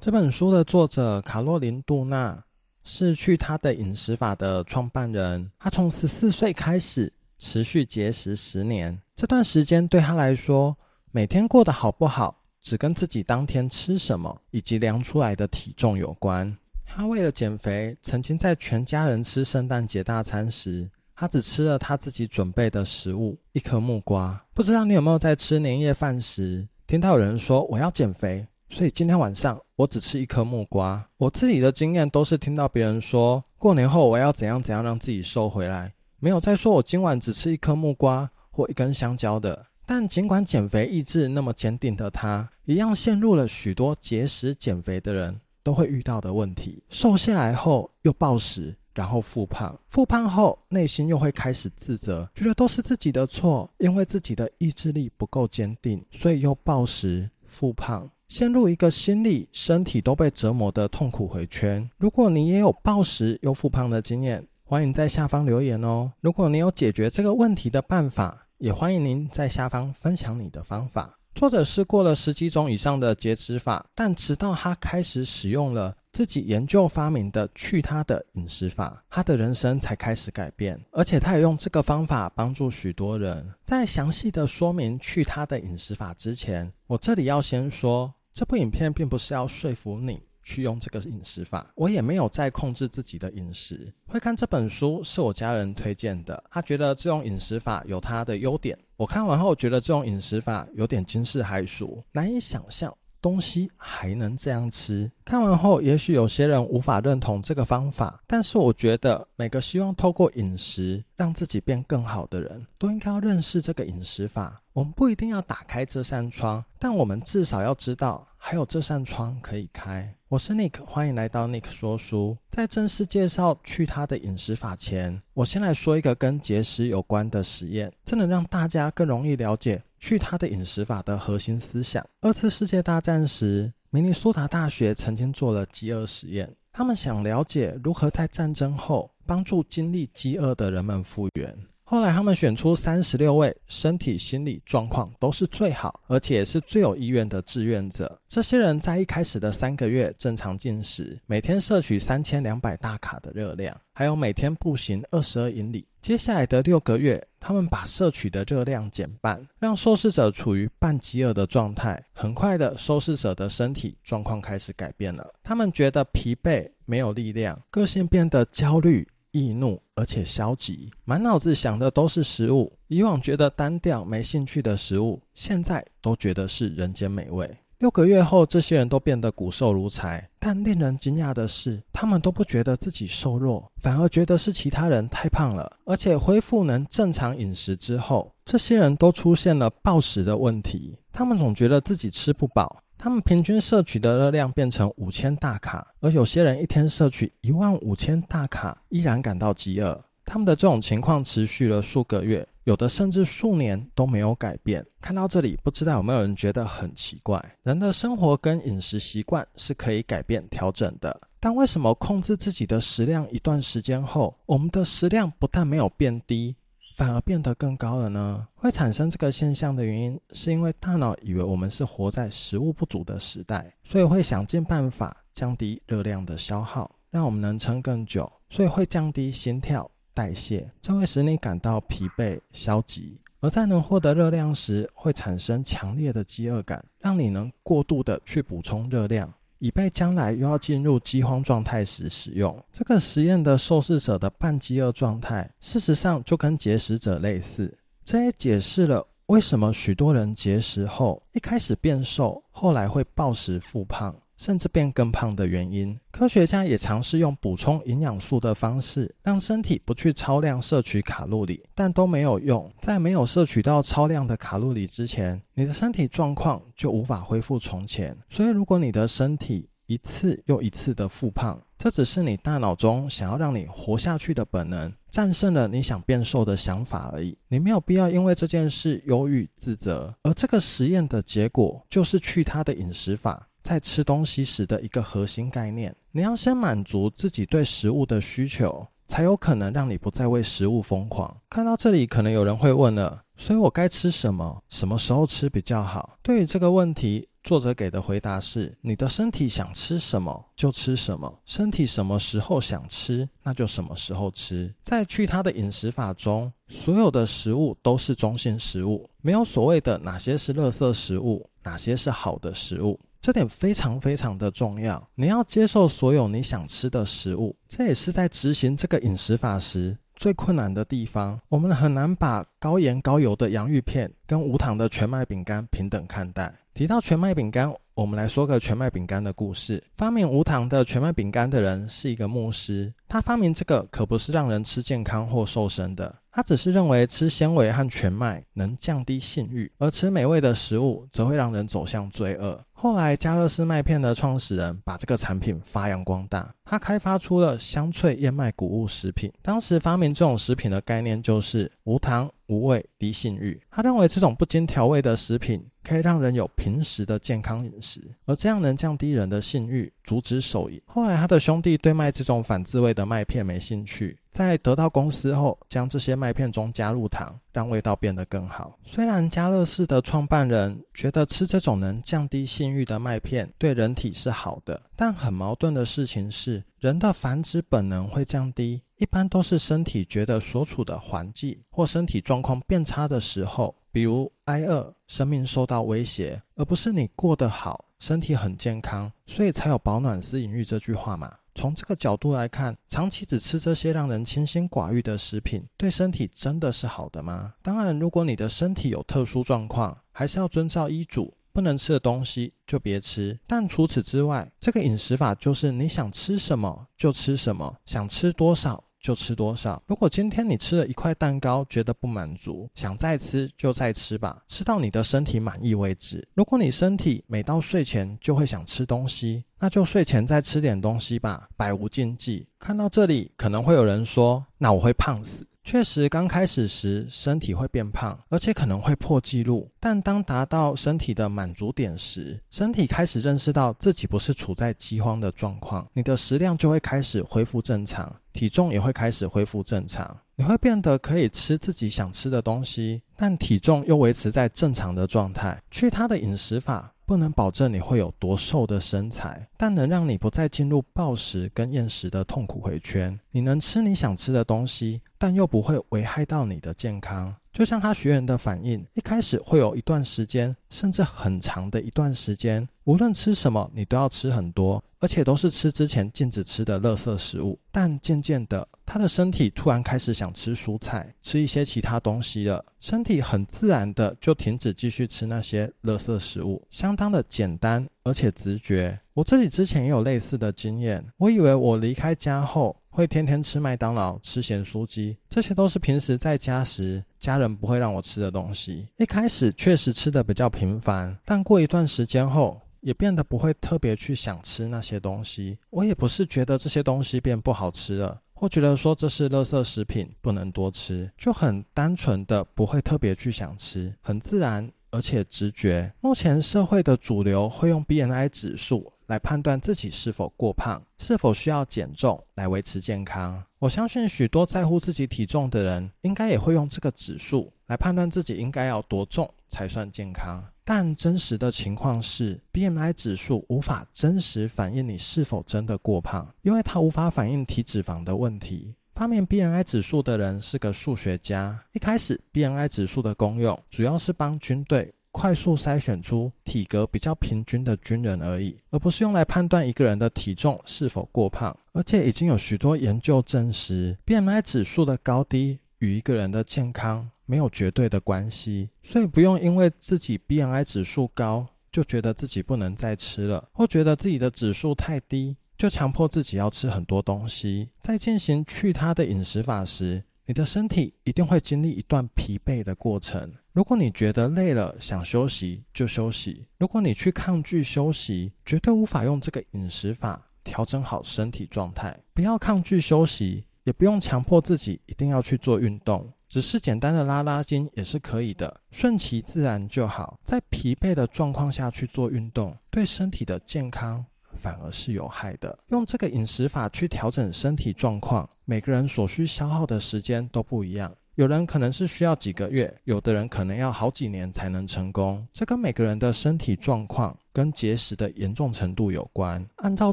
這本書的作者卡洛琳·杜娜是去他的飲食法的創辦人。她從十四歲開始持續節食十年，這段時間對她來說，每天過得好不好，只跟自己當天吃什麼以及量出來的體重有關。她為了減肥，曾經在全家人吃聖誕節大餐時，她只吃了她自己準備的食物——一顆木瓜。不知道你有沒有在吃年夜飯時聽到有人說：“我要減肥。”所以今天晚上我只吃一顆木瓜。我自己的經驗都是聽到別人說過年後我要怎樣怎樣讓自己瘦回來，沒有再說我今晚只吃一顆木瓜或一根香蕉的。但儘管減肥意志那麼堅定的他，一樣陷入了許多節食減肥的人都會遇到的問題：瘦下來後又暴食，然後復胖，復胖後內心又會開始自責，覺得都是自己的錯，因為自己的意志力不夠堅定，所以又暴食復胖。陷入一個心理、身體都被折磨的痛苦迴圈。如果你也有暴食又復胖的經驗，歡迎在下方留言哦。如果你有解決這個問題的辦法，也歡迎您在下方分享你的方法。作者試過了十幾種以上的節食法，但直到他開始使用了自己研究發明的去他的飲食法，他的人生才開始改變。而且他也用這個方法幫助許多人。在詳細的說明去他的飲食法之前，我這裡要先說。這部影片並不是要說服你去用這個飲食法，我也沒有在控制自己的飲食。會看這本書是我家人推薦的，他覺得這種飲食法有他的優點。我看完後覺得這種飲食法有點驚世駭俗，難以想象。東西還能這樣吃？看完後，也許有些人無法認同這個方法，但是我覺得每個希望透過飲食讓自己變更好的人都應該要認識這個飲食法。我們不一定要打開這扇窗，但我們至少要知道還有這扇窗可以開。我是 Nick，歡迎來到 Nick 說書。在正式介紹去他的飲食法前，我先來說一個跟節食有關的實驗，這能讓大家更容易了解。去他的飲食法的核心思想。二次世界大戰時，明尼蘇達大學曾經做了饑餓實驗，他們想了解如何在戰爭後幫助經歷饑餓的人們復原。後來，他們選出三十六位身體、心理狀況都是最好，而且是最有意願的志願者。這些人在一開始的三個月正常進食，每天攝取三千兩百大卡的熱量，還有每天步行二十二英里。接下來的六個月，他們把攝取的熱量減半，讓受試者處於半飢餓的狀態。很快的，受試者的身體狀況開始改變了。他們覺得疲憊，沒有力量，個性變得焦慮、易怒，而且消極，滿腦子想的都是食物。以往覺得單調、沒興趣的食物，現在都覺得是人間美味。六個月後，這些人都變得骨瘦如柴，但令人驚訝的是，他們都不覺得自己瘦弱，反而覺得是其他人太胖了。而且恢復能正常飲食之後，這些人都出現了暴食的問題。他們總覺得自己吃不飽，他們平均攝取的熱量變成五千大卡，而有些人一天攝取一萬五千大卡，依然感到飢餓。他們的這種情況持續了數個月。有的甚至數年都沒有改變。看到這裡，不知道有沒有人覺得很奇怪？人的生活跟飲食習慣是可以改變調整的，但為什麼控制自己的食量一段時間後，我們的食量不但沒有變低，反而變得更高了呢？會產生這個現象的原因，是因為大腦以為我們是活在食物不足的時代，所以會想盡辦法降低熱量的消耗，讓我們能撐更久，所以會降低心跳。代謝，這會使你感到疲憊、消極；而在能獲得熱量時，會產生強烈的飢餓感，讓你能過度的去補充熱量，以備將來又要進入饑荒狀態時使用。這個實驗的受試者的半飢餓狀態，事實上就跟節食者類似。這也解釋了為什麼許多人節食後一開始變瘦，後來會暴食復胖。甚至變更胖的原因，科學家也嘗試用補充營養素的方式，讓身體不去超量攝取卡路里，但都沒有用。在沒有攝取到超量的卡路里之前，你的身體狀況就無法恢復從前。所以，如果你的身體一次又一次的復胖，這只是你大腦中想要讓你活下去的本能戰勝了你想變瘦的想法而已。你沒有必要因為這件事憂鬱自責。而這個實驗的結果就是去他的飲食法。在吃東西時的一個核心概念：你要先滿足自己對食物的需求，才有可能讓你不再為食物瘋狂。看到這裡，可能有人會問了：所以我該吃什麼？什麼時候吃比較好？對於這個問題，作者給的回答是：你的身體想吃什麼就吃什麼，身體什麼時候想吃，那就什麼時候吃。在去他的飲食法中，所有的食物都是中性食物，沒有所謂的哪些是垃圾食物，哪些是好的食物。這點非常非常的重要，你要接受所有你想吃的食物。這也是在執行這個飲食法時最困難的地方。我們很難把高鹽高油的洋芋片跟無糖的全麥餅乾平等看待。提到全麥餅乾。我們來說個全麥餅乾的故事。發明無糖的全麥餅乾的人是一個牧師，他發明這個可不是讓人吃健康或瘦身的，他只是認為吃纖維和全麥能降低性慾，而吃美味的食物則會讓人走向罪惡。後來，家樂氏麥片的創始人把這個產品發揚光大，他開發出了香脆燕麥穀物食品。當時發明這種食品的概念就是無糖、無味、低性慾。他認為這種不經調味的食品可以讓人有平時的健康飲食。而這樣能降低人的性慾，阻止手淫。後來，他的兄弟對賣這種反自慰的麥片沒興趣，在得到公司後，將這些麥片中加入糖，讓味道變得更好。雖然家樂氏的創辦人覺得吃這種能降低性慾的麥片對人體是好的，但很矛盾的事情是，人的繁殖本能會降低。一般都是身體覺得所處的環境或身體狀況變差的時候。比如挨餓，生命受到威脅，而不是你過得好，身體很健康，所以才有“保暖思淫慾”這句話嘛。從這個角度來看，長期只吃這些讓人清心寡慾的食品，對身體真的是好的嗎？當然，如果你的身體有特殊狀況，還是要遵照醫囑，不能吃的東西就別吃。但除此之外，這個飲食法就是你想吃什麼就吃什麼，想吃多少，就吃多少。如果今天你吃了一塊蛋糕，覺得不滿足，想再吃就再吃吧，吃到你的身體滿意為止。如果你身體每到睡前就會想吃東西，那就睡前再吃點東西吧，百無禁忌。看到這裡，可能會有人說，那我會胖死。確實，剛開始時身體會變胖，而且可能會破紀錄。但當達到身體的滿足點時，身體開始認識到自己不是處在饑荒的狀況，你的食量就會開始恢復正常，體重也會開始恢復正常。你會變得可以吃自己想吃的東西，但體重又維持在正常的狀態。去他的飲食法。不能保證你會有多瘦的身材，但能讓你不再進入暴食跟厭食的痛苦迴圈。你能吃你想吃的東西，但又不會危害到你的健康。就像他學員的反應，一開始會有一段時間，甚至很長的一段時間，無論吃什麼，你都要吃很多，而且都是吃之前禁止吃的垃圾食物。但漸漸的，他的身體突然開始想吃蔬菜，吃一些其他東西了，身體很自然的就停止繼續吃那些垃圾食物，相當的簡單而且直覺。我自己之前也有類似的經驗，我以為我離開家後，會天天吃麥當勞、吃鹹酥雞，這些都是平時在家時家人不會讓我吃的東西。一開始確實吃的比較頻繁，但過一段時間後也變得不會特別去想吃那些東西。我也不是覺得這些東西變不好吃了，或覺得說這是垃圾食品不能多吃，就很單純的不會特別去想吃，很自然而且直覺。目前社會的主流會用 BMI 指數。來判斷自己是否過胖，是否需要減重來維持健康。我相信許多在乎自己體重的人，應該也會用這個指數來判斷自己應該要多重才算健康。但真實的情況是，BMI 指數無法真實反映你是否真的過胖，因為它無法反映體脂肪的問題。發明 BMI 指數的人是個數學家，一開始 BMI 指數的功用主要是幫軍隊。快速篩選出體格比較平均的軍人而已，而不是用來判斷一個人的體重是否過胖。而且已經有許多研究證實，BMI 指數的高低與一個人的健康沒有絕對的關係，所以不用因為自己 BMI 指數高就覺得自己不能再吃了，或覺得自己的指數太低就強迫自己要吃很多東西。在進行去他的飲食法時，你的身體一定會經歷一段疲憊的過程。如果你覺得累了，想休息就休息。如果你去抗拒休息，絕對無法用這個飲食法調整好身體狀態。不要抗拒休息，也不用強迫自己一定要去做運動，只是簡單的拉拉筋也是可以的，順其自然就好。在疲憊的狀況下去做運動，對身體的健康反而是有害的。用這個飲食法去調整身體狀況，每個人所需消耗的時間都不一樣。有人可能是需要幾個月，有的人可能要好幾年才能成功。這跟每個人的身體狀況跟節食的嚴重程度有關。按照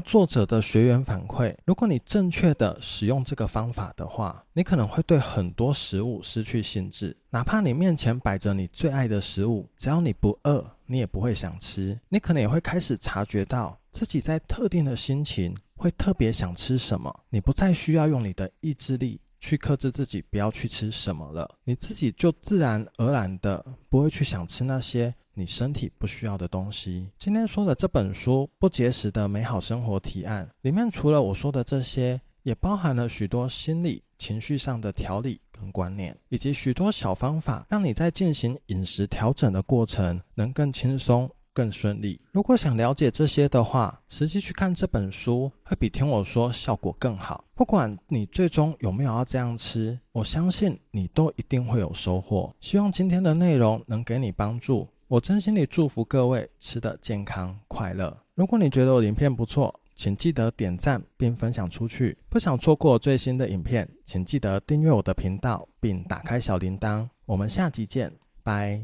作者的學員反饋，如果你正確的使用這個方法的話，你可能會對很多食物失去興致。哪怕你面前擺着你最愛的食物，只要你不餓，你也不會想吃。你可能也會開始察覺到自己在特定的心情會特別想吃什麼。你不再需要用你的意志力。去克制自己，不要去吃什麼了，你自己就自然而然的不會去想吃那些你身體不需要的東西。今天說的這本書《不節食的美好生活提案》裡面，除了我說的這些，也包含了許多心理情緒上的調理跟觀念，以及許多小方法，讓你在進行飲食調整的過程能更輕鬆。更順利。如果想了解這些的話，實際去看這本書會比聽我說效果更好。不管你最終有沒有要這樣吃，我相信你都一定會有收穫。希望今天的內容能給你幫助。我真心的祝福各位吃得健康快樂。如果你覺得我的影片不錯，請記得點贊並分享出去。不想錯過我最新的影片，請記得訂閱我的頻道並打開小鈴鐺。我們下集見，拜。